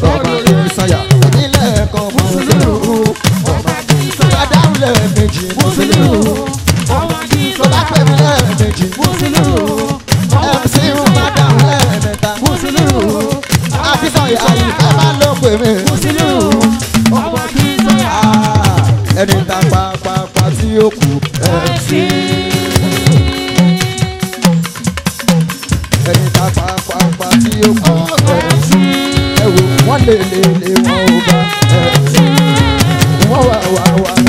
Speaker 1: Bọ́lá lè sọ̀yà. Ìbílẹ̀ kan mú sílẹ̀ o. Bọ́lá dáhùn lẹ́ẹ̀mejì mú sílẹ̀ o. Bọ́lá pẹ̀lú lẹ́ẹ̀mejì mú sílẹ̀ o. lélẹ̀ lé wọn ò bá ẹ̀ wọ́n wà wà wà.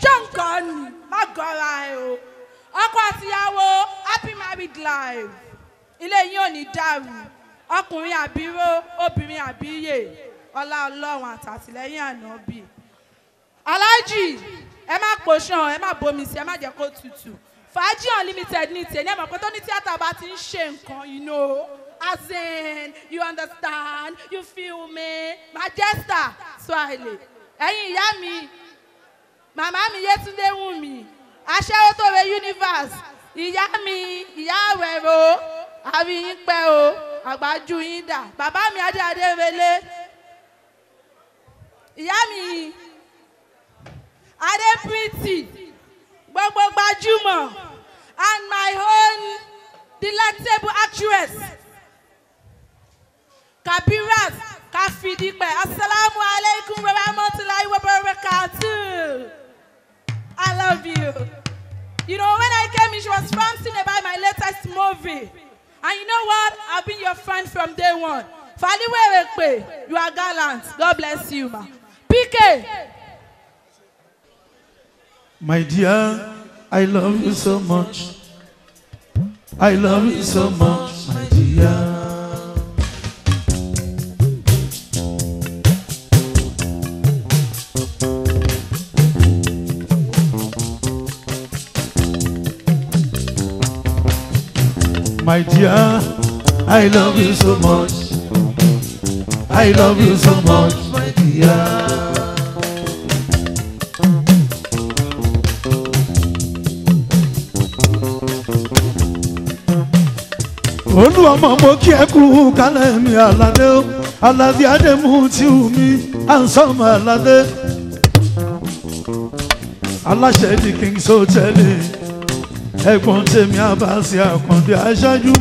Speaker 5: ṣé nǹkan ni má ẹ o ọkọ àtìyàwó happy married life ilé yín ò ní dàrú ọkùnrin àbíró obìnrin àbíyè ọlá ọlọ́run àtàtìlẹ́yìn ànábì aláàjì ẹ má pòṣàn ẹ má bomi sí ẹ má jẹ́ kó tutù fàájì unlimited ní tiẹ̀ ní ẹ̀mọ́ pé tó ní tíátà bá ti ń ṣe nǹkan you know as in you understand you feel me majesta swahili ẹ̀yin ìyá mi màmá mi Yétúndé Wùmí aṣẹ́wó tó re universe ìyá mi ìyá àwẹ̀rò àrí yín pẹ́ o àgbájú yín dà bàbá mi adé adé relé ìyá mi adé pretty gbogbo gbajúmọ̀ and my own delectable actress Kabirat Kafidipẹ asalaamualeykum wa rahmatulahi wa barakatuh. I love you. You know, when I came in, she was bouncing about my latest movie. And you know what? I've been your friend from day one. Faliwewepe, you are gallant. God bless you, ma. PK.
Speaker 3: My dear, I love you so much. I love you so much, my dear. My dear, I love you so much. I love you so much, my dear. olú ọmọ mo kí ẹ kú kálẹ̀ mi àlàdé o àlàdé àdèmú tí ù mí à ń sọmọ àlàdé aláṣẹ di King's Hotel ẹ̀gbọ́n tèmi abasi àkàndé aṣáájú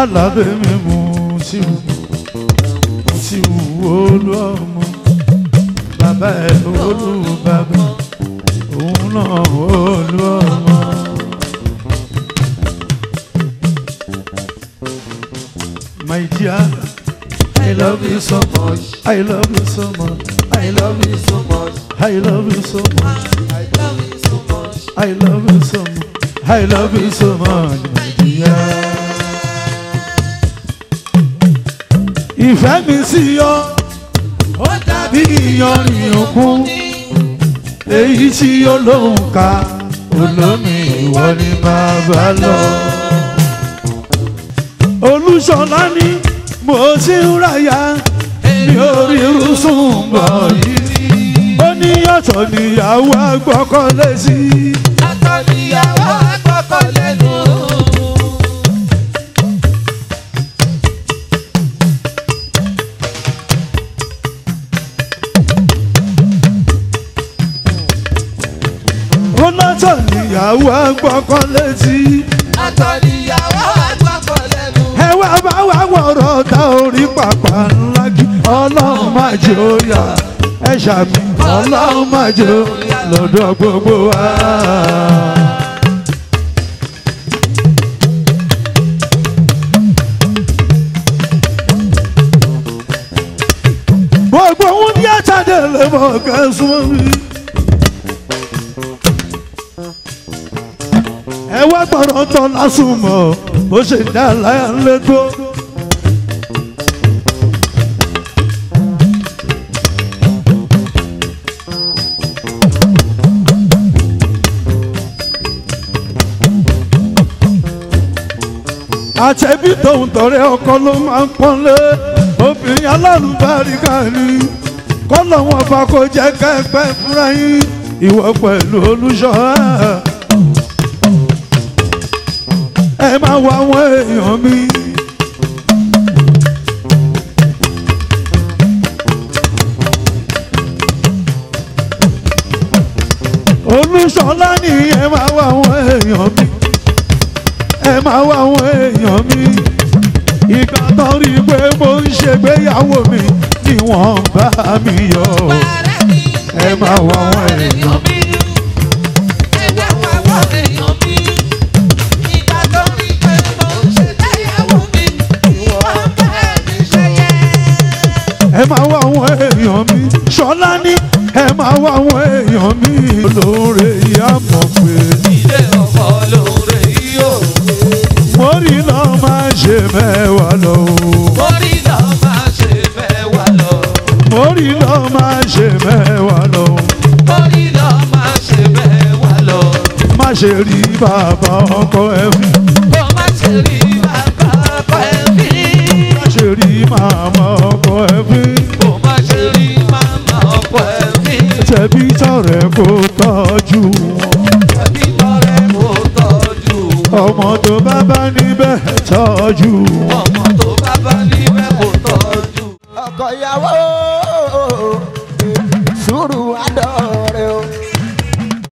Speaker 3: alábẹ́mi mú sí wù sí wù olú ọmọ bàbá ẹ̀ olú bàbá òun náà olú ọmọ. My dear, I love you so much. I love you so much. I love you so much. I love you so much. I love you so much. I love you so much. I love you so much, my dear. Ìfẹ́ mi sí ọ, ó dàbí ìyanrìn òkun, èyí tí olóhùn ká, olómi ìwọ ni bàbá lọ. Olúṣọlá ni mo ti ń ráyà, mi ò rí irú ní ọ̀tọ̀ níyàwó àgbọ́kànlé sí. ọ̀tọ̀ níyàwó àgbọ́kànlé nù. ọ̀tọ̀ níyàwó àgbọ́kànlé sí. ọ̀tọ̀ níyàwó àgbọ́kànlé nù. ẹ wá bá wà wọ̀rọ̀ ta orí pàpà ńlá kí ọlọ́run má jẹ́ ẹ ṣàmì ọlọ́run má jò lọ́dọ̀ gbogbo wa. gbogbo ohun tí a jáde lè mọ̀ ká súnmọ́ mi. ẹ wá gbọ́dọ̀ tọ́ lásùnmọ̀ bó ṣe dá láyà ń àṣẹbí tòun tọ̀rẹ́ ọkọ ló máa ń pọ́nlé obìnrin alálùbáríkà ni kọ́nà wọn bá kó jẹ́ kẹ́pẹ́ fúnra yín ìwọ pẹ̀lú olùṣọ́ra. ẹ máa wọ àwọn èèyàn mi. olùṣọ́lá ni máa wọ àwọn èèyàn mi ẹ máa wá àwọn èèyàn mi ìgbà tó rí i pé mo ń ṣègbéyàwó mi ni wọ́n bá mi yọ̀ ẹ máa wá àwọn èèyàn mi. ṣe papa bàbá ọkọ ẹ ma bó papa ṣe rí bàbá ma ẹ mama bó má ṣe ma màmá mama ẹ fi. bó má ṣe rí màmá ọkọ ẹ fi. tẹ̀bí tọ̀rẹ́ kó tọ́jú wọn. tẹ̀bí tọ̀rẹ́ kó tọ́jú